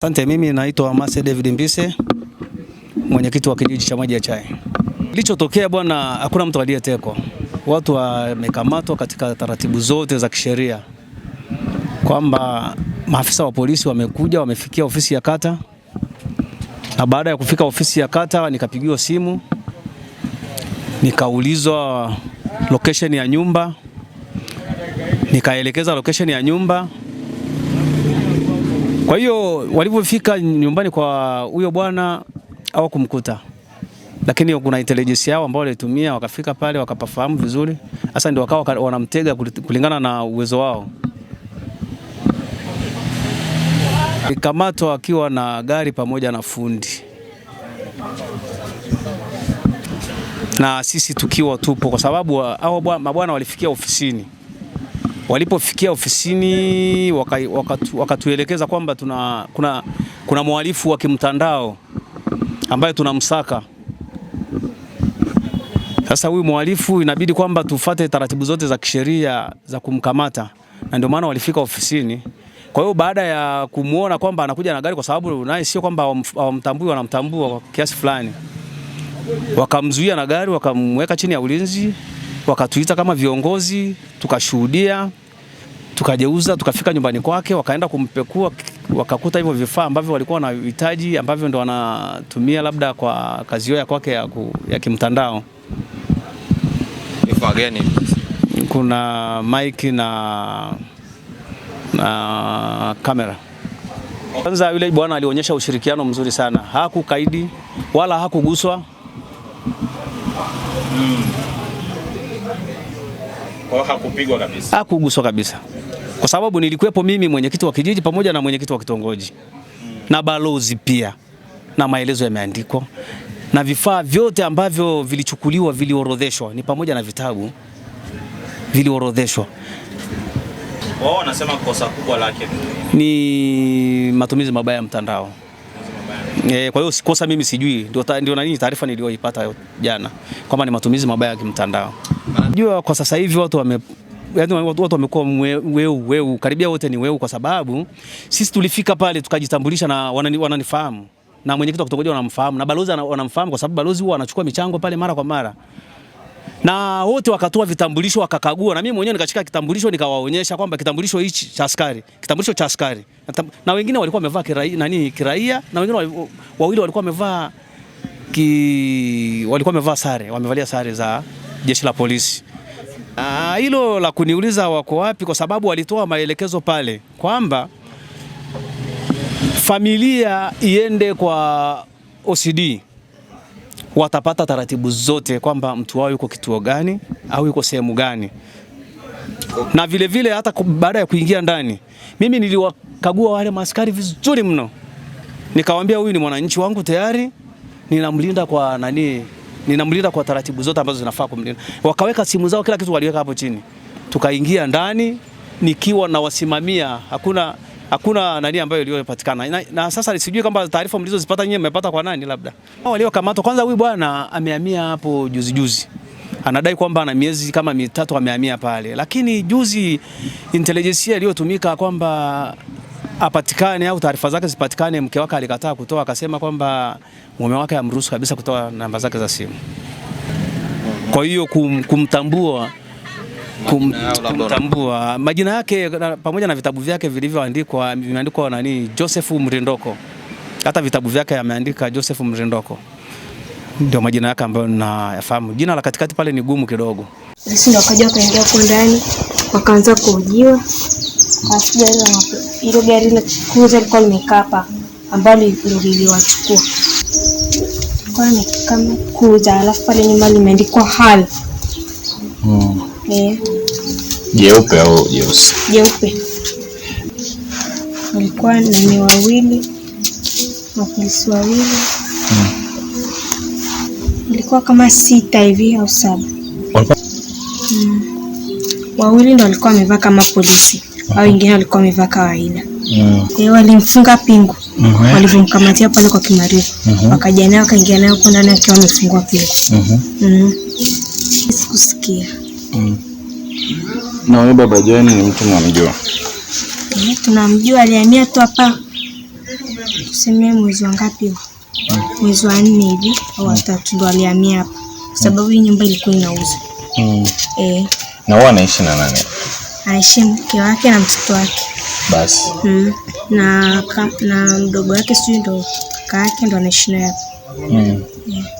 Asante, mimi naitwa Mase David Mbise, mwenyekiti wa kijiji cha Maji ya Chai. Kilichotokea bwana, hakuna mtu aliyetekwa, watu wamekamatwa katika taratibu zote za kisheria, kwamba maafisa wa polisi wamekuja, wamefikia ofisi ya kata, na baada ya kufika ofisi ya kata nikapigiwa simu, nikaulizwa location ya nyumba, nikaelekeza location ya nyumba kwa hiyo walivyofika nyumbani kwa huyo bwana hawakumkuta, lakini kuna intelligence yao ambao walitumia, wakafika pale wakapafahamu vizuri. Sasa ndio wakawa wanamtega kulingana na uwezo wao. Alikamatwa akiwa na gari pamoja na fundi na sisi tukiwa tupo, kwa sababu hao mabwana walifikia ofisini. Walipofikia ofisini wakatuelekeza waka kwamba tuna, kuna, kuna mhalifu wa kimtandao ambaye tunamsaka. Sasa huyu mhalifu inabidi kwamba tufate taratibu zote za kisheria za kumkamata, na ndio maana walifika ofisini. Kwa hiyo baada ya kumwona kwamba anakuja na gari, kwa sababu naye sio kwamba hawamtambui, wanamtambua kwa kiasi fulani, wakamzuia na gari, wakamweka chini ya ulinzi wakatuita kama viongozi, tukashuhudia, tukajeuza, tukafika nyumbani kwake, wakaenda kumpekua, wakakuta hivyo vifaa ambavyo walikuwa wanahitaji, ambavyo ndo wanatumia labda kwa kazi hiyo ya kwake ya, ya kimtandao. Vifaa gani? Kuna maiki na na kamera. Kwanza yule bwana alionyesha ushirikiano mzuri sana, hakukaidi wala hakuguswa. Hmm. Kwa hakupigwa kabisa. Hakuguswa kabisa. Kwa sababu nilikuwepo mimi mwenyekiti wa kijiji pamoja na mwenyekiti wa kitongoji hmm. na balozi pia, na maelezo yameandikwa na vifaa vyote ambavyo vilichukuliwa viliorodheshwa, ni pamoja na vitabu viliorodheshwa. Wao wanasema kosa kubwa lake ni matumizi mabaya ya mtandao. E, kwa hiyo kosa mimi, sijui ndio ndio nini taarifa niliyoipata jana kwamba ni matumizi mabaya ya kimtandao. Jua kwa sasa hivi watu wame yaani watu wamekuwa weu weu, karibia wote ni weu, kwa sababu sisi tulifika pale tukajitambulisha na wanani, wananifahamu na mwenyekiti wa kitongoji wanamfahamu na balozi wanamfahamu, kwa sababu balozi huwa anachukua michango pale mara kwa mara, na wote wakatoa vitambulisho wakakagua, na mimi mwenyewe nikachika kitambulisho nikawaonyesha kwamba kitambulisho hichi cha askari, kitambulisho cha askari, na wengine walikuwa wamevaa kiraia, nani kiraia, na wengine wawili walikuwa wamevaa ki walikuwa wamevaa sare, wamevalia sare za jeshi la polisi. Ah, hilo la kuniuliza wako wapi, kwa sababu walitoa maelekezo pale kwamba familia iende kwa OCD, watapata taratibu zote kwamba mtu wao yuko kituo gani au yuko sehemu gani, na vilevile vile hata baada ya kuingia ndani, mimi niliwakagua wale maaskari vizuri mno, nikawaambia huyu ni mwananchi wangu tayari, ninamlinda kwa nani ninamlinda kwa taratibu zote ambazo zinafaa kumlinda. Wakaweka simu zao, kila kitu waliweka hapo chini, tukaingia ndani nikiwa nawasimamia, hakuna hakuna nani ambayo iliyopatikana na, na sasa sijui kama taarifa mlizozipata nyinyi mmepata kwa nani, labda waliokamatwa. Kwanza huyu bwana amehamia hapo juzi juzi, anadai kwamba ana miezi kama mitatu amehamia pale, lakini juzi intelijensia iliyotumika kwamba apatikane au taarifa zake zipatikane. Mke wake alikataa kutoa, akasema kwamba mume wake amruhusu kabisa kutoa namba zake za simu. Kwa hiyo kum, kumtambua kum, kumtambua majina yake pamoja na vitabu vyake vilivyoandikwa vimeandikwa nani, Joseph Mrindoko. Hata vitabu vyake ameandika Joseph Mrindoko, ndio majina yake ambayo nayafahamu. Jina la katikati pale ni gumu kidogo. Sisi ndio wakaja wakaingia huko ndani wakaanza kuujiwa, asijaliwa ile gari la cruiser ilikuwa limekaa hapa, ambalo ndio liliwachukua kwani kama kuuza, alafu pale nyuma limeandikwa hal mm. yeah. jeupe au jeusi? Jeupe. walikuwa nani wawili, wapolisi wawili mm. Ilikuwa kama sita hivi au saba mm. Wawili ndo walikuwa wamevaa kama polisi au wengine walikuwa wamevaa kawaida. Mm. Yeah. Walimfunga pingu. Mm -hmm. Walivyomkamatia pale kwa Kimario. Mm -hmm. Wakaja naye wakaingia naye huko ndani akiwa amefungwa pingu. Mm -hmm. Mm -hmm. Sikusikia. Mm. Na wewe baba John ni mtu unamjua? Eh, tunamjua alihamia tu hapa tuseme mwezi wa ngapi? Mwezi wa nne hivi au watatu mm. ndo alihamia hapa. Kwa sababu hii nyumba ilikuwa inauza Mm. Eh. Na wao anaishi na nani? anaheshimu mke wake na mtoto wake basi mm. na, na mdogo wake sijui ndo kaka yake ndo anaishi naye mm. yeah. Mm.